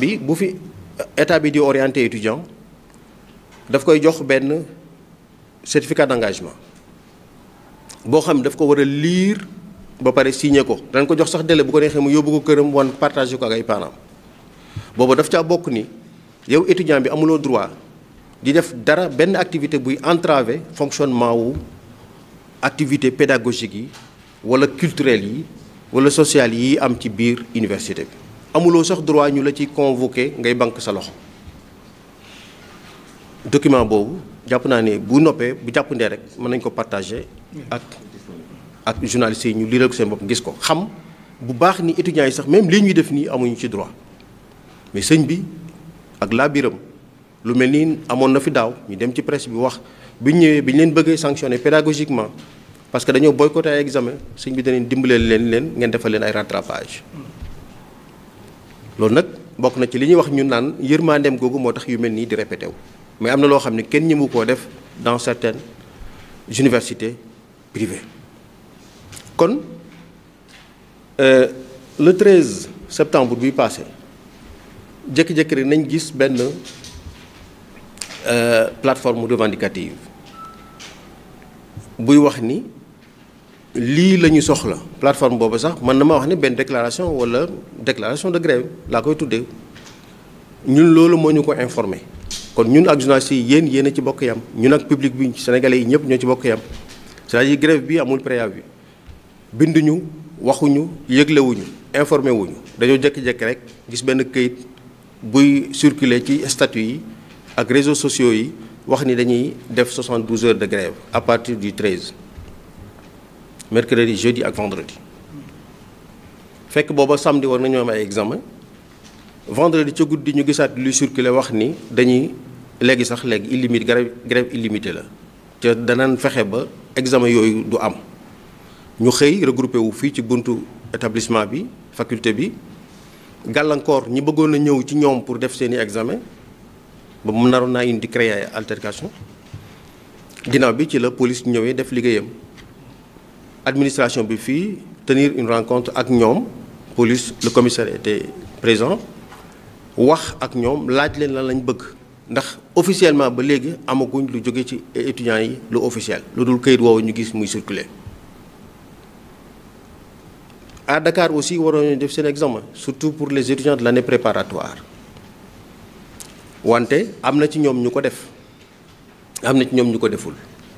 bi bu fi euh, état bi di orienté étudiant daf koy jox ben certificat d'engagement bo xam daf ko wara lire ba paré signer ko dañ ko jox sax délai bu ko nexé mu yóbbu ko këram wan partagé ko ak ay parents boobu daf caa bok ni yow étudiant bi amulo droit di def dara ben activité buy entraver fonctionnement wu activité pédagogique yi wala culturelle yi wala sociale yi am ci biir université bi amuloo sax droit ñu la ci convoqué ngay banque sa loxo document boobu jàpp naa ne bu noppee bu jàppandee rek mën nañ ko partagé ak ak journalistes yi ñu liiral ko seen bopp gis ko xam bu baax ni étudiants yi sax même lii ñuy def nii amuñu ci droit mais sëñ bi ak laa biram lu mel nii amoon na fi daaw ñu dem ci presse bi wax bu ñu ñëwee bu ñu leen bëggee sanctionné pédagogiquement parce que dañoo boycotté ay examen sëñ bi danañ dimbaleel leen leen ngeen defal leen ay rattrapage loolu nag bokk na ci li ñuy wax ñu naan yërmandeem googu moo tax yu mel nii di répété wu mais am na loo kenn ñëmu koo def dans certaines universités privées kon euh, le 13 septembre bi passé jékki-jékki rek nañ gis benn euh, plateforme revendicative buy wax ni li lañu soxla plateforme boobu sax man na ma wax ne benn déclaration wala déclaration de grève laa koy tuddee ñun loolu moo ñu ko informé kon ñun ak journalistes yi yéen yéen a ci bokk yam ñun ak public bi sénégalais yi ñëpp ñoo ci bokk yam c'est-à-dire grève bi amul préavis bi binduñu waxuñu yëglewuñu informé wuñu dañoo jékki-jékki rek gis benn këyit buy circulé ci statut yi ak réseaux sociaux yi wax ni dañuy def 72 heures de grève à partir du 13 mercredi jeudi et vendredi que bobo samedi war a eu ay examen vendredi ca guddi ñu gisaat luy circuler wax ni dañuy léegi sax léegi illimité grève grève illimité la te danañ que ba examen yooyu du am ñu xëy regroupé wu fii ci buntu établissement bi faculté bi gàllankoor ñi bëggoon a ñëw ci ñoom pour def seeni examen ba mu naroon une indi créer altercation ginnaaw bi ci la police ñëwee def liggéeyam administration bi tenir une rencontre ak ñoom police le commissaire était présent wax ak ñom laaj leen lan lañ bëgg ndax officiellement ba légui amaguñ lu joggé ci étudiants yi lu officiel lu dul kayit woowu ñu gis muy circuler à Dakar aussi waroon ñu def un exemple, surtout pour les étudiants de l'année préparatoire wante am na ci ñom ñu ko def am na ci ñom ñu ko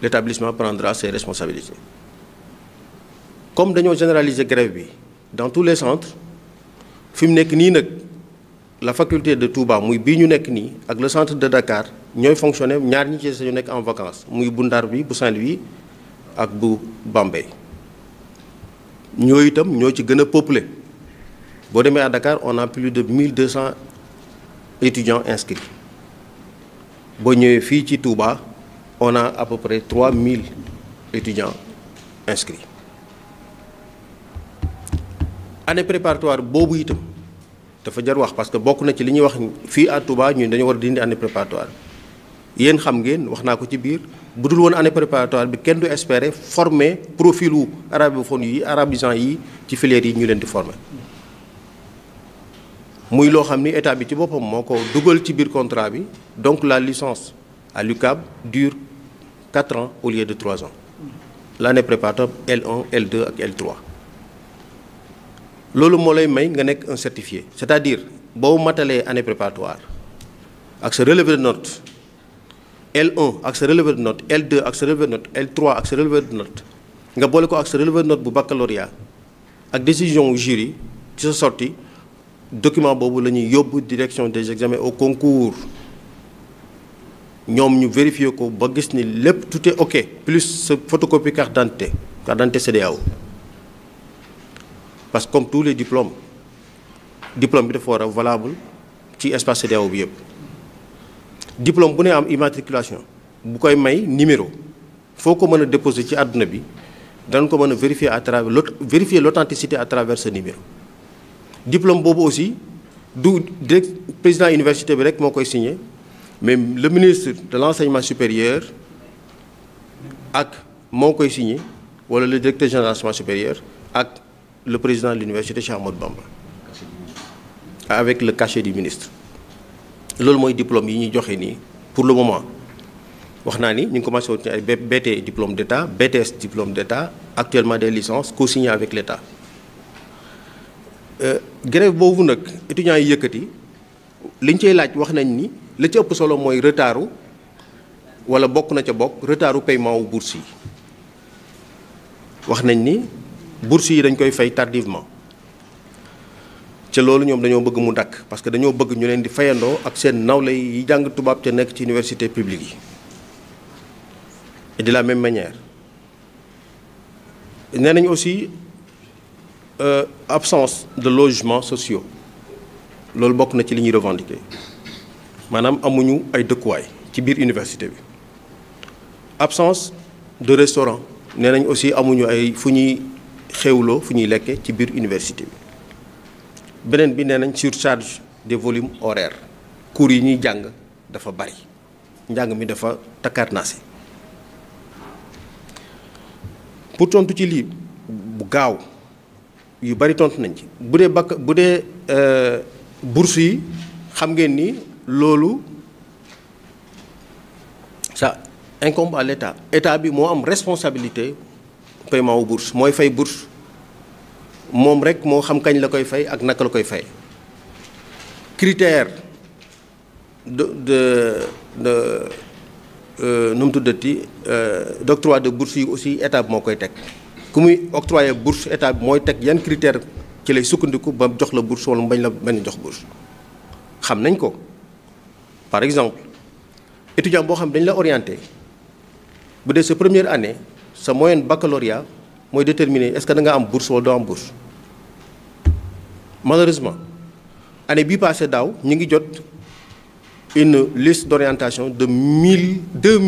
l'établissement prendra ses responsabilités comme généralisé la grève dans tous les centres fi mu la faculté de Touba muy est le centre de Dakar nous fonctionner ñaar ñi ci en vacances muy bu Ndar bi bu Saint-Louis ak bu Bambey Nous itam ñoo ci gën peuplé à Dakar on a plus de 1200 étudiants inscrits Si ñëwee fii ci Touba on a à peu près 3000 étudiants inscrits année préparatoire bobu itam dafa jar wax parce que bokku na ci li wax fi à Touba ñun dañu war dindi année préparatoire yeen xam ngeen wax naa ko ci biir bu dul woon année préparatoire bi kenn du espérer former profilu arabophone yi arabisant yi ci filière yi ñu leen di former muy loo xam ni état bi ci boppam moo ko ci biir contrat bi donc la licence à l'UCAB dure 4 ans au lieu de 3 ans l'année préparatoire L1 L2 et L3 loolu moo lay may nga nek un certifié c'est-à-dire boo matalé année préparatoire ak ce relevé de note L1 ak ce relevé de note L2 ak ce relevé de note L3 ak ce relevé de note nga bolé ko ak ce relevé de notes bu baccalauréat ak décision jury ci sa sortie document bobu la yobbu direction des examens au concours nous ñu vérifier ko ba gis ni lepp tout est ok plus ce photocopie carte d'identité carte d'identité parce que comme tous les diplômes diplôme diplômes dafa valable ci espace CEDEAO bi diplôme bu une am immatriculation y koy may numéro Il faut que déposer ci àdduna bi dañ vérifier à travers vérifier l'authenticité à travers ce numéro diplôme Bobo aussi du président université l'université rek signé mais le ministre de l'enseignement supérieur ak signé wala le directeur général de l'enseignement supérieur ak le président de l'université de Bamba avec le cachet du ministre C'est ce diplôme pour le moment Nous avons commencé d'état BTS diplôme d'état actuellement des licences co avec l'état euh, grève Les étudiants yi liñ cey wax ci ëpp solo wala na bokk paiement bourse wax nañ bourse yi dañ koy fay tardivement ci loolu ñoom dañoo bëgg mu dakk parce que dañoo bëgg ñu leen di fayandoo ak seen nawle yi jàng tubaab te nekk ci université publique yi et de la même manière nee nañ aussi euh, absence de logements sociaux loolu bokk na ci li ñuy revendiquer maanaam amuñu ay dëkkuwaay ci biir université bi absence de restaurant nee nañ aussi amuñu ay fu ñuy xewloo fu ñuy lekkee ci biir université bi beneen bi nee nañ surcharge des volumes horaires cours yi ñuy jàng dafa bari njàng mi dafa takkaat naase pour tontu ci lii bu gaaw yu bari tontu nañ ci bu dee bakk bu dee euh, bourse yi xam ngeen ni loolu ça incombe l'état état bi moo am responsabilité paiement wu bourse mooy fay bourse mon rek moo xam kañ la koy fay ak naka la koy fay critère de de de euh, nu mu tuddati euh, d'octroi de bourse aussi étape bi moo koy Comme octroyer bourse octroyer bourse état bi mooy teg yan critère ci lay sukkandiku pour jox la bourse wala mu bañ la jox bourse xam nañ ko par exemple étudiant bon, xam dañ la orienté bu dès sa première année sa moyenne baccalauréat moy déterminer est-ce que da nga am bourse wala doo am bourse malheureusement année bi passé daw ñi ngi jot une liste d'orientation de 1000 deux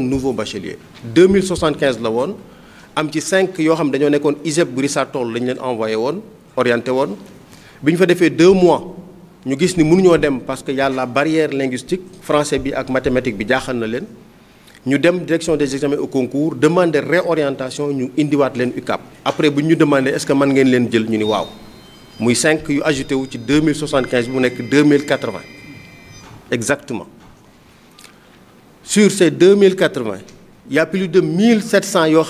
nouveaux bacheliers 2075 la woon am ci cinq yo xam dañu nekkoon ISEP bu Richard Toll lañ leen envoyé woon orienté woon biñ fa défé deux mois ñu gis ni mënuñoo dem parce que la barrière linguistique français bi ak mathématique bi jaxal na leen nous dem direction des examens au concours demander réorientation ñu indiwaat leen après nous ñu demandé est-ce que mën ngeen leen jël ñu ni waaw 5 yu ajouté 2075 et 2080 exactement sur ces 2080 il y a plus de 1700 qui qui ont..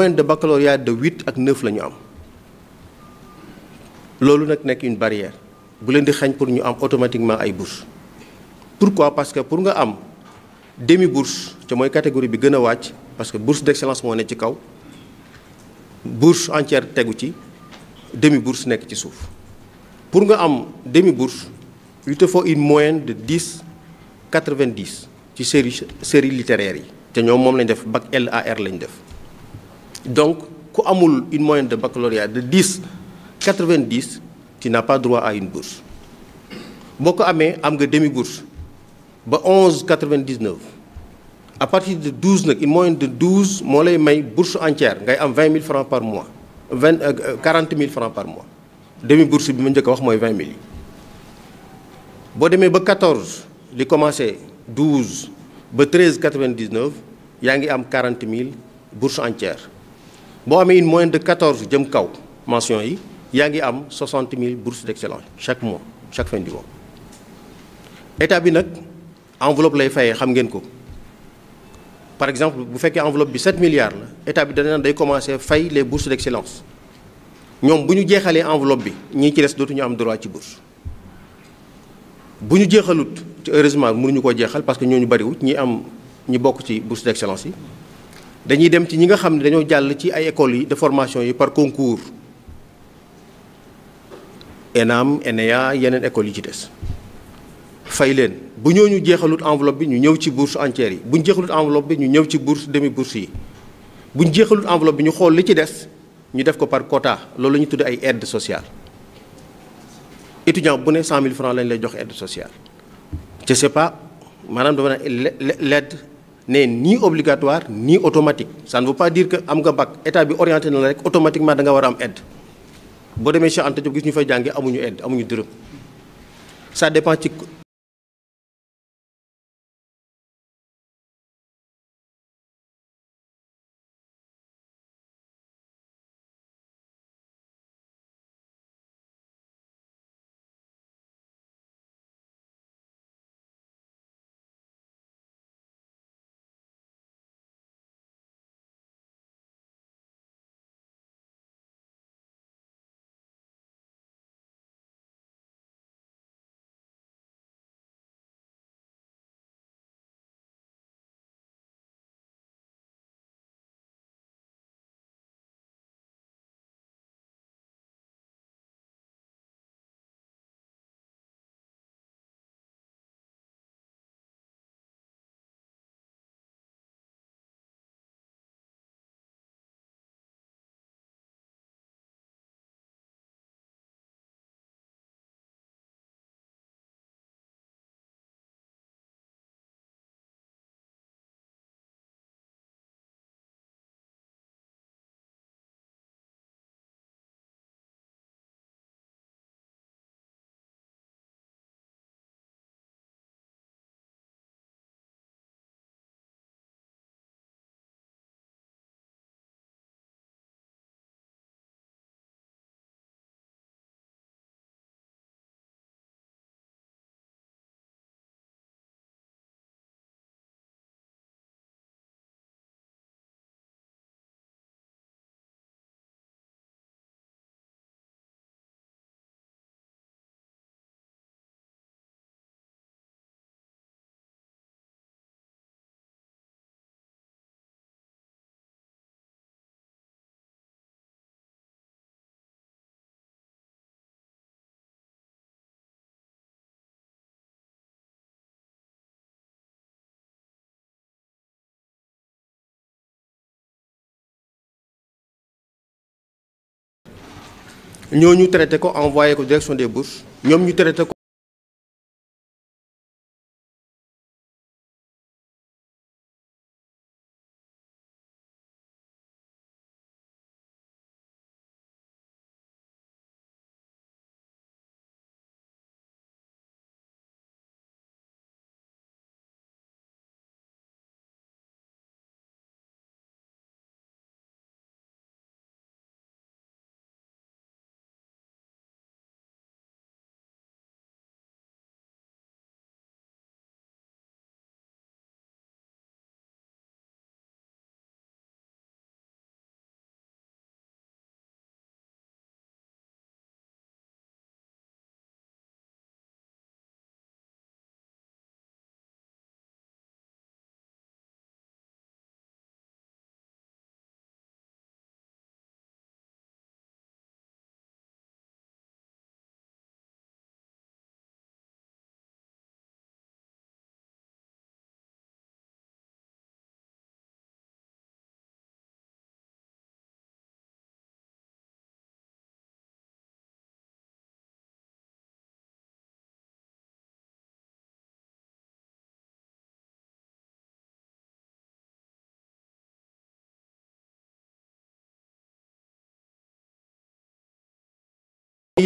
ay de baccalauréat de 8 à 9 ans..! ñu am une barrière vous leen di pour nous am automatiquement ay bourses..! pourquoi parce que pour nous, demi bourse c'est une catégorie bi gëna wacc parce que bourse d'excellence mo ne ci kaw bourse entière tégu ci demi bourse nekk ci souf pour nga am demi bourse il te faut une moyenne de 10,90. 90 série série littéraire yi ce ñoom moom lañ def bac LAR lañ def donc ku amul une moyenne de baccalauréat de 10,90, 90, tu n'as pas droit à une bourse Si tu as am nga demi bourse 11,99. 11 à partir de 12 une moyenne de 12 moo lay bourse entière ngay am 20 000 francs par mois 40 000 euh, euh, francs par mois demi bourse bi ma 20 000 Si ba 14 commencé 12 ba 13 99 40 000 bourse entière boo amee une moyenne de 14 jëm kaw mention am 60 000 bourses d'excellence chaque mois chaque fin du mois état bi enveloppe lay fayé xam ngeen ko par exemple bu fekkee enveloppe bi 7 milliards la état bi dana day commencer fay les bourses d'excellence ñom buñu jéxalé enveloppe bi ñi ci dess dootu ñu am droit ci bourse buñu ñu jeexalut heureusement mënuñu ko jéxal parce que bari bariwut ñi am ñi bokk ci bourse d'excellence yi dañuy dem ci ñi nga xamni ne dañoo jàll ci ay école yi de formation yi par concours ENAM ENEA yenen école yi ci dess fay leen bu ñooñu jeexalut enveloppe bi ñu ñëw ci bourse entière yi bu ñu jeexalut enveloppe bi ñu ñëw ci bourse demi bourse yi bu ñu jeexalut enveloppe bi ñu xool li ci des ñu def ko par quota loolu ñu tudd ay aide sociale étudiant bu ne 100.000 000 francs lañ lay jox aide sociale je sais pas maanaam dafa ne l'aide n'est ni obligatoire ni automatique ça ne veut pas dire que am nga bac état bi orienté na rek automatiquement da nga war am aide boo demee Cheikh Anta Diop gis ñu fay jàngee amuñu aide amuñu dërëm ça dépend ci Nous traité ko envoyé ko direction des bourses Nous ñu traité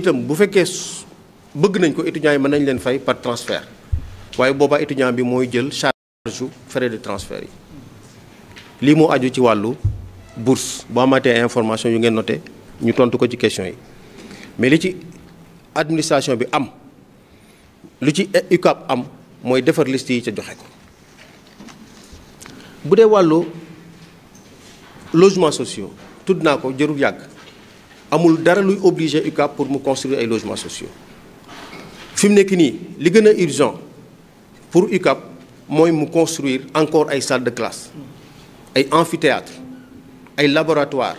itam bu fekkee bëgg nañ ko étudiants yi mën nañ leen fay par transfert waaye boobaa étudiant bi mooy jël charge frais de transfert yi lii moo aju ci wàllu bourse boo amaatee information yu ngeen noté ñu tontu ko ci question yi mais li ci administration bi am lu ci UCAB am mooy defar liste yi ca joxe ko bu dee wàllu logement sociaux tudd naa ko jërul yàgg amul dara luy obligé ukap pour mu construire ay logements sociaux fi mu nekk li urgent pour UCAB mooy mu construire encore ay salles de classe ay amphithéâtre ay laboratoires,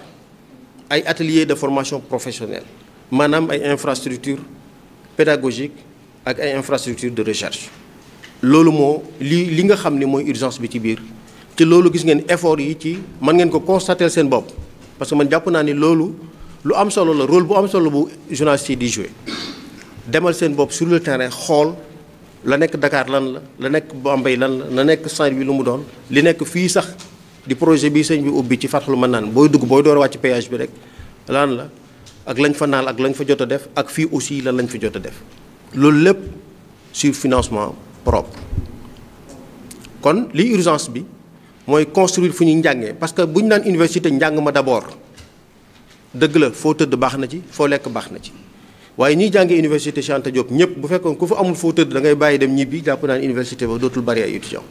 ay ateliers de formation professionnelle des ay infrastructure pédagogique ak ay infrastructure de recherche loolu moo li li nga xam ne mooy urgence bi ci biir te gis ngeen effort yi ci man ngeen ko constater seen parce que man jàpp naa ni lu am solo la rôle bu am solo bu journaliste jouer demal sur le terrain xool la Dakar lan la la Saint-Louis lu mu doon li projet bi sëñ bi ubbi ci man dugg péage bi rek lan la ak lañ fa Le aussi lan lañ sur financement propre kon li urgence bi construire le parce que l'Université université d'abord dëgg la foo tëdd baax na ci foo lekk baax na ci waaye ñiy jàngi université Cheikh Anta Diop ñëpp bu fekkoon ku fa amul foo tëdd dangay bàyyi dem ñibbi jàpp naa ne université ba dootul bari ay étudiants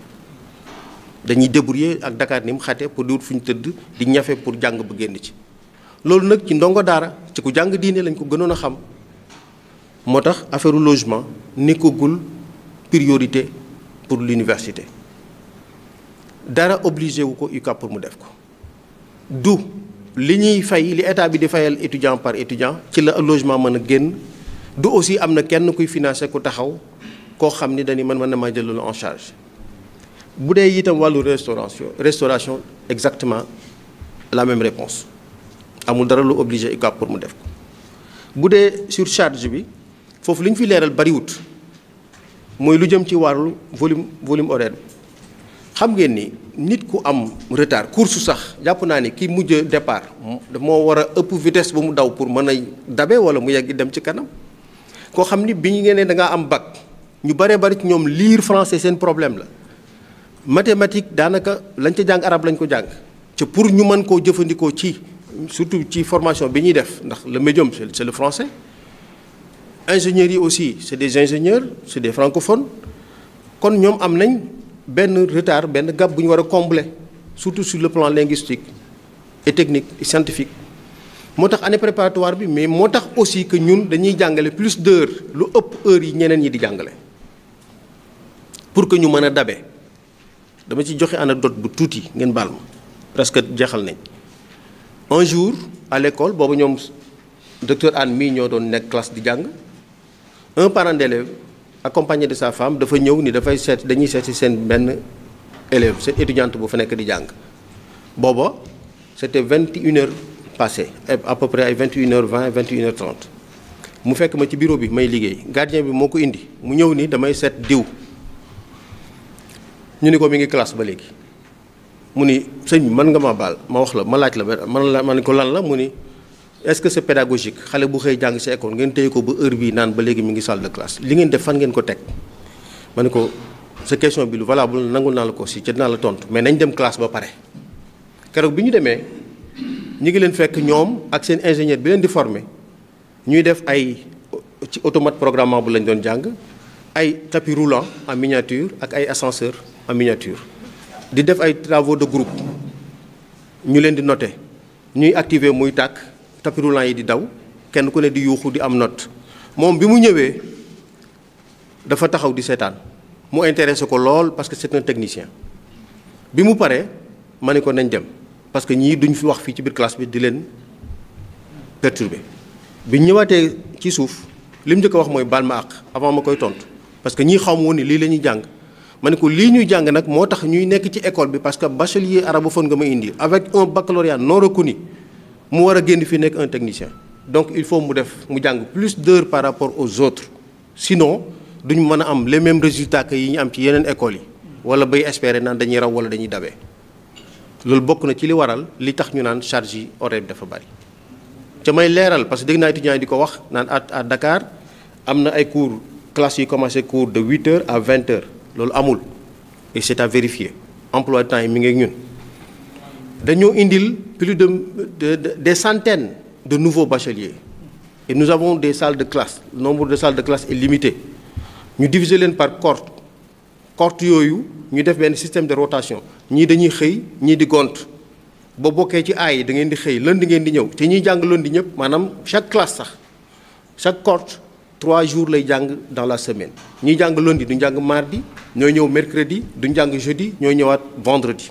dañuy débrouiller ak dakaar ni mu xate pour di wut fu ñu tëdd di ñafe pour jàng bu génn ci loolu nag ci ndongo dara ci ku jàng diine lañ ko gënoon a xam moo tax affaire logement gul priorité pour l'université dara obligé wu ko UCAB pour mu def ko du li ñuy fay li état bi di fayal étudiant par étudiant ci la logement mën a génn du aussi am na kenn kuy financer ku taxaw koo xam ni man mën na maa jël loolu en charge bu dee itam wàllu restauration restauration exactement la même réponse amul dara lu obligé UCAB pour mu def ko bu dee charge bi foofu li ñu fi leeral bariwut mooy lu jëm ci wàllu volume volume horaire xam ngeen ni nit ku am retard course sax jàpp naa ni ki mujj départ moo war a ëpp vitesse ba mu daw pour mën a dabe wala mu yegg dem ci kanam ko xam ni bi ñu ngeen ne da ngaa am bac ñu bare bari ci ñoom lire français seen problème la mathématique daanaka lañ ca jàng arab lañ ko jàng ci pour ñu mën koo jëfandikoo ci surtout ci formation bi ñuy def ndax le médium c'est le français ingénieurs yi aussi c'est des ingénieurs c'est des francophones kon ñoom am nañ ben retard ben gap bu wara combler surtout sur le plan linguistique et technique et scientifique motax année préparatoire bi mais motax aussi que ñun dañuy jàngale plus d'heures lu ëpp heures yi ñeneen ñi di jàngale pour que ñu mën a dabe dama ci joxe anecdote bu tuuti ngeen baal ma presque jeexal nañ un jour à l'école boobu ñoom docteur Anne mii ñoo doon nekk classe di jàng un parent d'élève accompagné de sa femme de ni élève étudiante à peu près à 21h20 21h30 mu ma bureau bi gardien bi moko indi mu ni damay diw ñu ni classe ba ma est-ce que c'est pédagogique xale bu xey jang ci école ngeen tey ko bu heure bi nan ba légui mi ngi salle de classe li ngeen def fan ngeen ko tek maniko ce question bi lu valable nangul naa la ko ci ca la tontu mais nañ dem classe ba paré kérok biñu démé ñi ngi leen fekk ñoom ak seen ingénieur bi leen di former ñuy def ay ci automate programmable bu lañ doon jang ay tapis roulant en miniature ak ay ascenseur en miniature di def ay travaux de groupe ñu leen di noter ñuy activer muy tak tapis roulant yi di daw kenn ku ne di yuuxu di am note moom bi mu ñëwee dafa taxaw di seetaan mu intéressé ko lool parce que c'est un technicien bi mu paree ma ne ko nañ dem parce que ñii duñ fi wax fii ci biir classe bi di leen perturbé bi ñëwaatee ci suuf lim njëkk wax mooy baal ma àq avant ma koy tontu parce que ñii xaw ma woon ni lii la ñuy jàng ma ne ko lii ñuy jàng nag moo tax ñuy nekk ci école bi parce que bachelier arabophone nga ma indi avec un baccalauréat non reconnu mu war a génn fi nekk un technicien donc il faut mu def mu jàng plus d'heures par rapport aux autres sinon duñu mën a am les mêmes résultats que yi ñu am ci yeneen écoles yi wala bay espérer naan dañuy raw wala dañuy dabee loolu bokk na ci li waral li tax ñu naan charge yi horaire bi dafa bari ca may leeral parce que dégg naa étudiant yi di ko wax naan à à Dakar am na ay cours classes yi commencé cours de 8 heures à 20 heures loolu amul et c'est à vérifier emploi du temps yi mi ngi ak ñun nous indil plus de, des centaines de nouveaux bacheliers et nous avons des salles de classe le nombre de salles de classe est limité nous divisons les par corps de yooyu nous def un système de rotation ñii dañuy xëy ñii di gont boo bokkee ci aay da ngeen di vous lundi des gens. qui sont ñuy jàng lundi ñëpp chaque classe chaque cohorte trois jours dans la semaine ñuy jàng lundi du jang mardi ñooy ñëw mercredi du jang jeudi ñooy ñëwaat vendredi.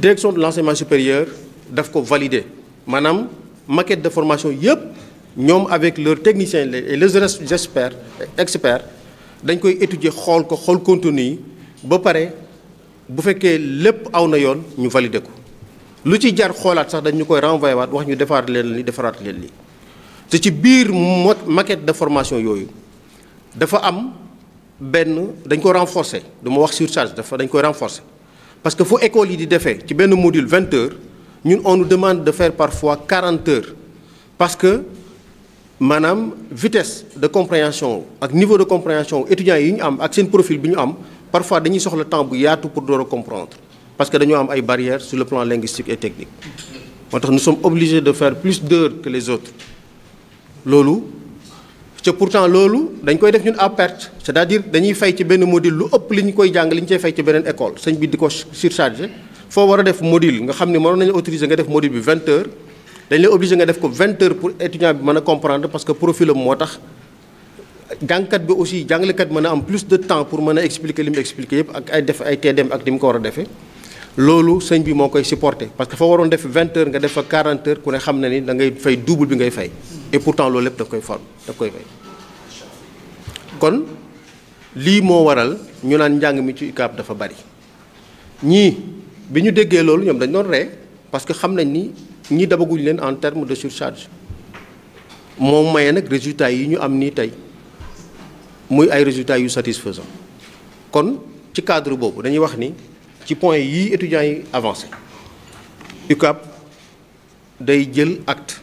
direction de l'enseignement supérieur daf ko valider manam maquette de formation yep ñom avec leurs techniciens et leurs j'espère experts dañ koy étudier xol ko xol contenu ba paré bu féké lepp aw na yoon ñu valider ko lu ci jar xoolaat sax dañ ñu koy renvoyé waat wax ñu defaat leen li défarat leen li te ci biir maquette de formation yoyu dafa am ben dañ ko renforcer du wax surcharge dafa dañ koy renforcer parce que faut école de fait, Tu ci module 20 heures nous on nous demande de faire parfois 40 heures parce que madame, vitesse de compréhension niveau de compréhension étudiants yi ñu am ak profil bi am parfois temps pour comprendre parce que y am une barrières sur le plan linguistique et technique nous sommes obligés de faire plus d'heures que les autres Lolo. te pourtant loolu dañ koy def ñun à perte c'est-à-dire dañuy fay ci benn module lu ëpp li ñu koy jàng li ñu cay fay ci beneen école sëñ bi di ko surchargé foo war a def module nga xam ne mënoon nañu autoriser nga def bi 20 heures dañ lay obligé nga def ko 20 pour étudiant bi mën a comprendre parce que profil am moo tax jàngkat bi aussi jàngalekat mën a am plus de temps pour mën a expliquer li mu expliquer yëpp ak ay def ay TDM war a defee loolu sëñ bi moo koy supporté parce que foo waroon def 20 heures nga fa 40 heures ku ne xam na ni da ngay fay bi ngay fay et pourtant loolu lépp daf koy form da koy fay kon lii moo waral ñu naan njàng mi ci UCAB dafa bari ñii bi ñu déggee loolu ñoom dañ doon ree parce que xam nañ ni ñii dabaguñ leen en terme de surcharge moo maye nag résultats yi ñu am nii tey muy ay résultats yu satisfaisant kon ci cadre boobu dañuy wax ni ci point yii étudiants yi avancé UCAB day jël acte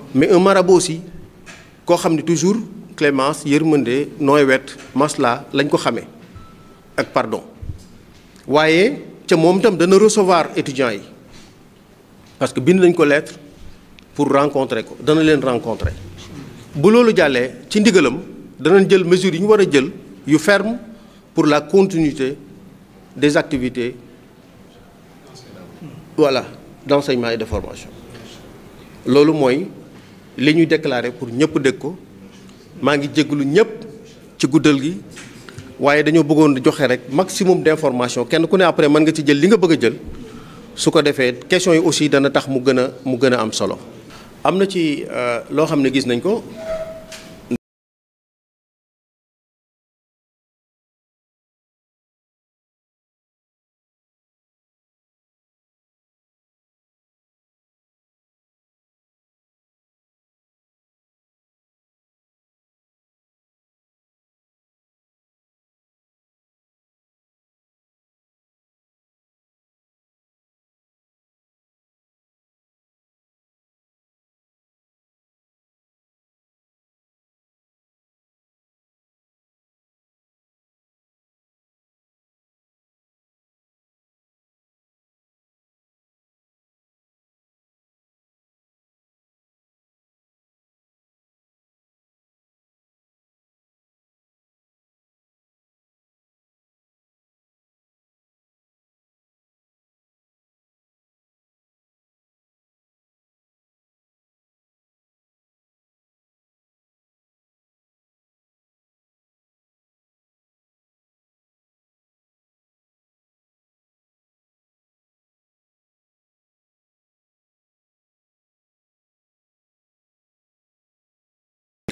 mais un marabout aussi ko xamni toujours clémence yermende nooy masla lañ ko xamé ak pardon waaye ca moom itam dana recevoir étudiants yi parce que bind lañ ko lettre pour rencontrer ko dana len rencontrer bu loolu jallé ci ndigalam danañ jël mesure yi ñu wara jël yu ferme pour la continuité des activités voilà d'enseignement et de formation loolu moy li ñu déclaré pour ñëpp dégg ko maa ngi jégalu ñëpp ci guddal gi waaye dañoo bëggoon joxe rek maximum d'information kenn ku ne après mën nga ci jël li nga bëgg a jël su ko defee question yi aussi dana tax mu gën a mu gën a am solo am na ci euh, loo xam ne gis nañ ko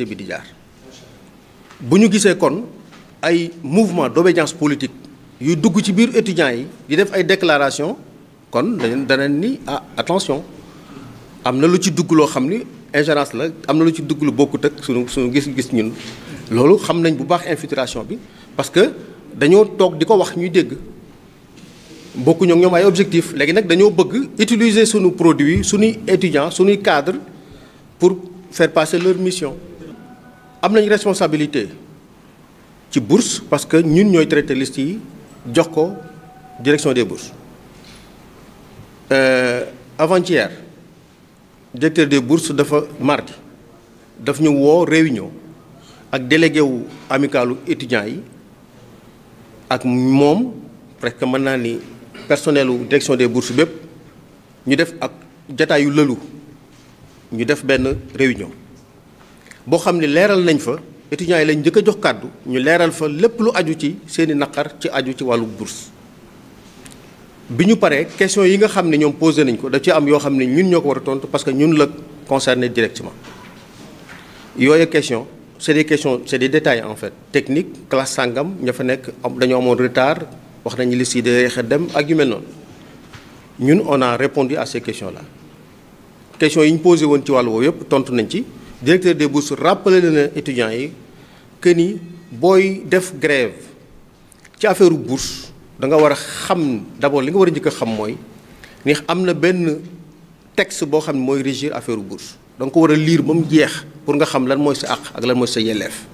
bi di jaar bu ñu gisee kon ay mouvement d'obéissance politique yu dugg ci biir étudiants yi di def ay déclaration kon dañ daneen ni ah attention am na lu ci dugg loo xam ni ingérence la am na lu ci dugg lu bokkut ak suñu suñu gis-gis ñun loolu xam nañ bu baax infiltration bi parce que dañoo toog di ko wax ñuy dégg bokku ak ñoom ay objectif léegi nag dañoo bëgg utiliser suñu produit suñu étudiants suñu cadres pour faire passer leur mission avons une responsabilité la bourse parce que nous avons traité liste yi jox direction des bourses euh, avant-hier directeur des bourses dafa mardi daf ñu woo réunion ak délégué wu amicalu étudiants yi ak moom presque mën naa ni personnel direction des bourses bépp ñu def ak jataayu ñu def réunion bo xamni leral nañ fa étudiants yi lañ njëkk jox kàddu ñu leral fa lepp lu aju ci seeni nakar ci aju ci walu bourse biñu paré question yi nga xamni ñom poser nañ ko da ci am yo xamni ñun ñoko wara tontu parce que ñun la concerné directement yooyu question c'est des questions c'est des détails en fait technique classe sangam ña fa nek dañu amoon retard wax nañ li si de dem ak yu mel non ñun on a répondu à ces questions là question yi ñu posé won ci walu woowu tontu nañ ci directeur des bourses rappelé les étudiants yi que ni boy def grève ci affaire bourse da nga wara xam d'abord li nga wara a njëkk xam moy ni amna ben texte bo xam moy régir affaire bourse da nga a lire ba jeex pour nga xam lan moy sa àq ak lan moy sa yelleef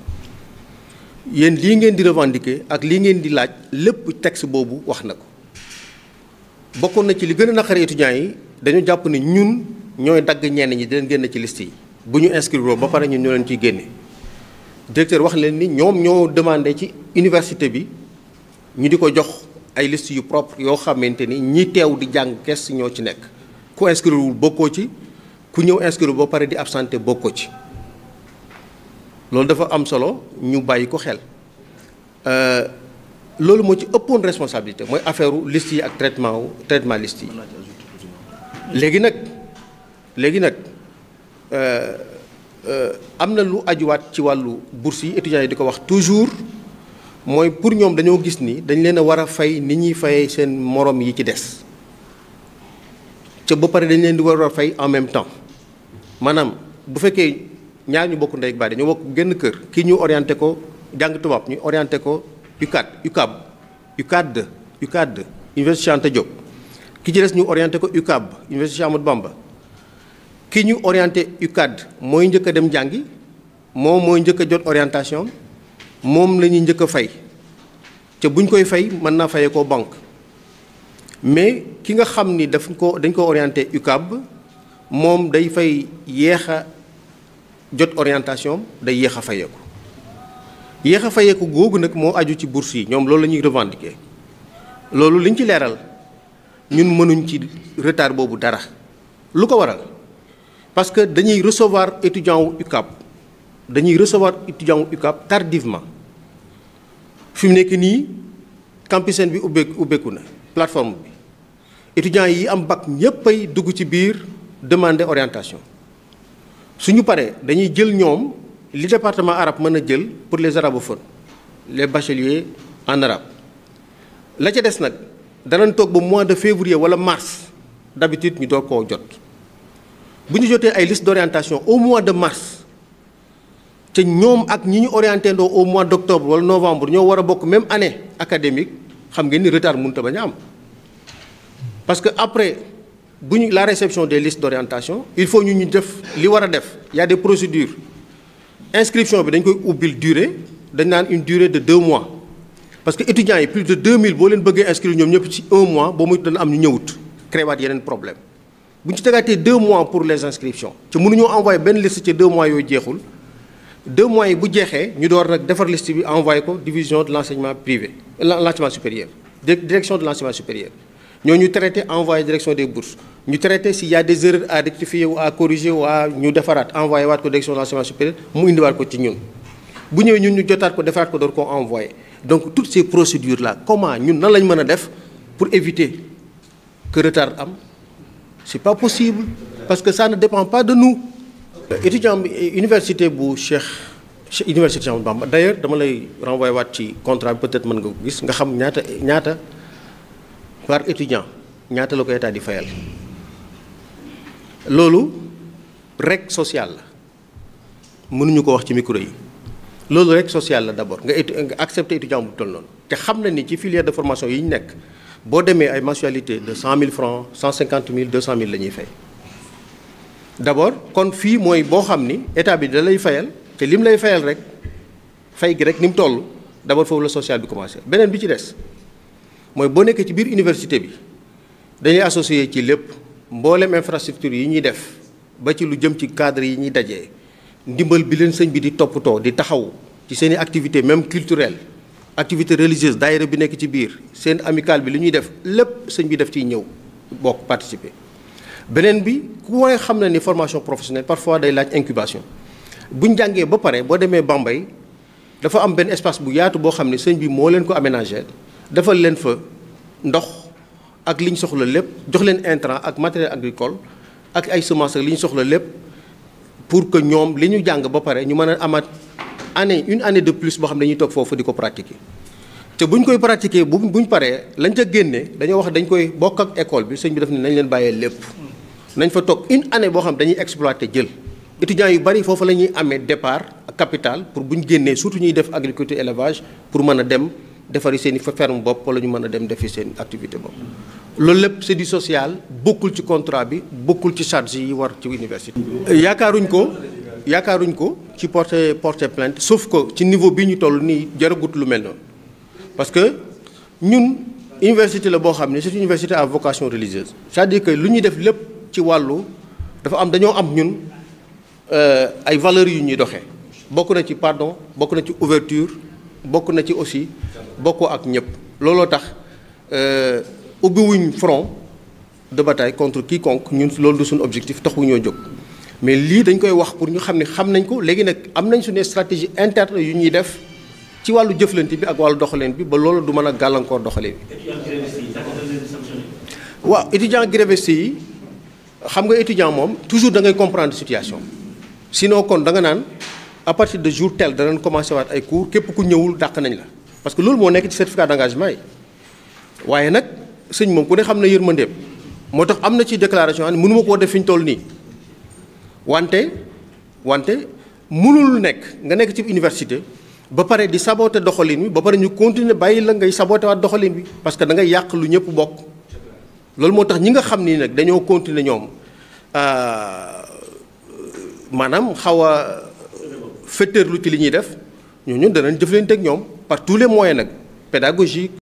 yéen li ngeen di revendiquer ak li ngeen di laaj lepp texte bobu wax na ko bokkoon na ci li gën a naqari étudiants yi dañu japp ni ñun ñoy dag ñenn ñi di leen génn ci liste yi. bu ñu inscrire ba pare ñun ñoo leen ciy génne directeur wax leen ni ñoom ñoo demandé ci université bi ñu di ko jox ay list yu propre yoo xamante ni ñi teew di jàng kes ñoo ci nekk ku inscrire bokkoo ci ku ñëw inscrire ba pare di absenté bokkoo ci loolu dafa am solo ñu bàyyi ko xel euh, loolu moo ci ëppoon responsabilité mooy affaire list yi ak traitement list yi léegi nag léegi nag Euh, euh, am na lu ajuwaat ci wàllu bourse yi étudiants yi di ko wax toujours mooy pour ñoom dañoo gis ni dañ leen a war a fay ni ñuy fayee seen morom yi ci des ca ba pare dañ leen di war a fay en même temps maanaam bu fekkee ñaar ñu bokk ndey ak baay dañoo bokk génn kër kii ñu orienté ko jàng tubaab ñu orienté ko UCAD UCAB UCAD UCAD Université Cheikh Anta Diop ki ci des ñu orienté ko UCAB Université Cheikh Amadou Bamba ki ñu orienté UCAD mooy njëkk a dem jàngi moom mooy njëkk jot orientation moom la ñuy njëkk a fay te buñ koy fay mën naa fayee ko banque mais ki nga daf ko dañ ko orienté UCAB moom day fay yéex a jot orientation day yéex a fayeeku yéex a fayeeku googu nag moo aju ci bourse yi ñoom loolu la ñuy revendiquer loolu liñ ci leeral ñun mënuñ ci retard boobu dara lu ko waral parce que dañuy recevoir étudiants wu UCAB dañuy recevoir étudiants wu tardivement fi mu nekk nii campusine bi ubbe ubbeeku na plateforme bi étudiants yi am bac ñëppay dugg ci biir demander orientation suñu paree dañuy jël ñoom li département arabe mën a jël pour les arabophones les bacheliers en arabe la ca des nag danañ toog ba mois de février wala mars d'habitude ñu doog koo jot si ñu jotee une liste d'orientation au mois de mars te ñoom ak ñi au mois d'octobre wala novembre ñoo war même année académique nous avons ni retard parce que après la réception des listes d'orientation il faut ñu ñu def li y a des procédures inscription bi dañ durée une durée de deux mois parce que étudiants yi plus de 2000 boo leen bëggee inscrire ñoom ñëpp ci un mois boo muy dana am ñu problème buñ ci deux mois pour les inscriptions ci mënuñoo envoyer ben liste ci deux mois yo jéxul deux mois yi bu jéxé ñu door nak défar liste bi envoyer ko division de l'enseignement privé euh, l'enseignement supérieur direction de l'enseignement supérieur ñoo ñu traité envoyé direction des bourses ñu traité s'il y a des erreurs à rectifier ou à corriger ou à ñu defaraat envoyer waat ko direction de l'enseignement supérieur mu indiwaat ko ci ñun bu ñëwee ñun ñu jotat ko defaraat ko door ko envoyer donc toutes ces procédures là comment ñun nan lañ mëna def pour éviter que retard am c'est pas possible parce que ça ne dépend pas de nous. étudiant université bu Cheikh université Cheikh Bamba d'ailleurs dama lay renvoyer waat ci contrat peut-être mën nga ko gis nga xam ñaata ñaata par étudiant ñaata lako état di fayal Lolu rek social la mënuñu ko wax ci micro yi Lolu rek social la d'abord nga accepter étudiant bu toll noonu te xam na ni ci filière de formation yi ñu nekk. Bo a une mensualité de 100 000 francs 150 000, 200 000, fay d'abord kon fi moy bo xamni état bi da fayal lim lay fayal rek social bi commencé benen bi ci des moy bo ci biir université bi dañuy associé ci lepp infrastructure yi ñi def ba ci lu jëm ci cadre yi ñi dajé ndimbal bi leen señ bi di topoto di taxaw ci même culturelle activité religieuse daayira bi nekk ci biir seen amical bi li ñuy def lépp sëñ bi daf ciy ñëw bokk participer beneen bi ku mooy xam na ni formation professionnelle parfois day laaj incubation buñ ñu jàngee ba pare boo demee bambay dafa am benn espace bu yaatu boo xam ne sëñ bi moo leen ko aménagé defal leen fa ndox ak liñ soxla lépp jox leen intrant ak matériel agricole ak ay semences ak li soxla lépp pour que ñoom li ñu jàng ba pare ñu mën a amaat année une année de plus boo xam ne dañuy toog foofu di pratiquer Té buñ koy pratiquer buñ buñ paré, paree lañ ca génne dañoo wax dañ koy bok ak école bi sëñ bi def ni nañ leen bayé lépp nañ fa tok une année bo xam dañuy exploiter jël étudiants yu bari fofu lañuy amé départ capital pour buñ ñu surtout ñuy def agriculture élevage pour mëna a dem defari seen fa ferme bop wala ñu mëna a dem defi seen activité bop. loolu lépp c'est du social bokkul ci contrat bi bokkul ci charge yi war ci université yaakaaruñ ko yaakaaruñ ko ci porter porter plainte sauf que ci niveau bi ñu toll nii jaragut lu mel noonu parce que ñun université la boo xam ne c'est une université à vocation religieuse J'ai à dire que lu ñuy def lépp ci wàllu dafa am dañoo am ñun euh, ay valeurs yu ñuy doxee bokk na ci pardon bokk na ci ouverture bokk na ci aussi bokkoo ak ñëpp looloo tax euh, ubbiwuñ front de bataille contre quiconque ñun loolu du suñu objectif taxu ñoo jóg mais lii dañ koy wax pour ñu xam ne xam nañ ko léegi nag am nañ suñu stratégie interne yu ñuy def ci wàllu jëflante bi ak wàllu doxaleen bi ba loolu du mën a gàllankoor doxaleen bi waaw étudiant gréviste yi xam nga étudiant moom toujours da ngay comprendre situation sinon kon da nga naan à partir de jour tel danañ commencé waat ay cours képp ku ñëwul dàq nañ la parce que loolu moo nekk ci certificat d' yi waaye nag sëñ moom ku ne xam na yërmandeem moo tax ci déclaration mënuma koo def fi toll nii wante wante mënul nekk nga nekk ci université ba pare di saboter doxalin bi ba pare ñu continuer bàyyi la ngay saboter waat doxalin bi parce que da ngay yàq lu ñëpp bokk loolu moo tax ñi nga xam ni nag dañoo continuer ñoom euh, maanaam xaw a féeteerlu ci li ñuy def ñooñu danañ jëflante ak ñoom par tous les moyens nag pédagogique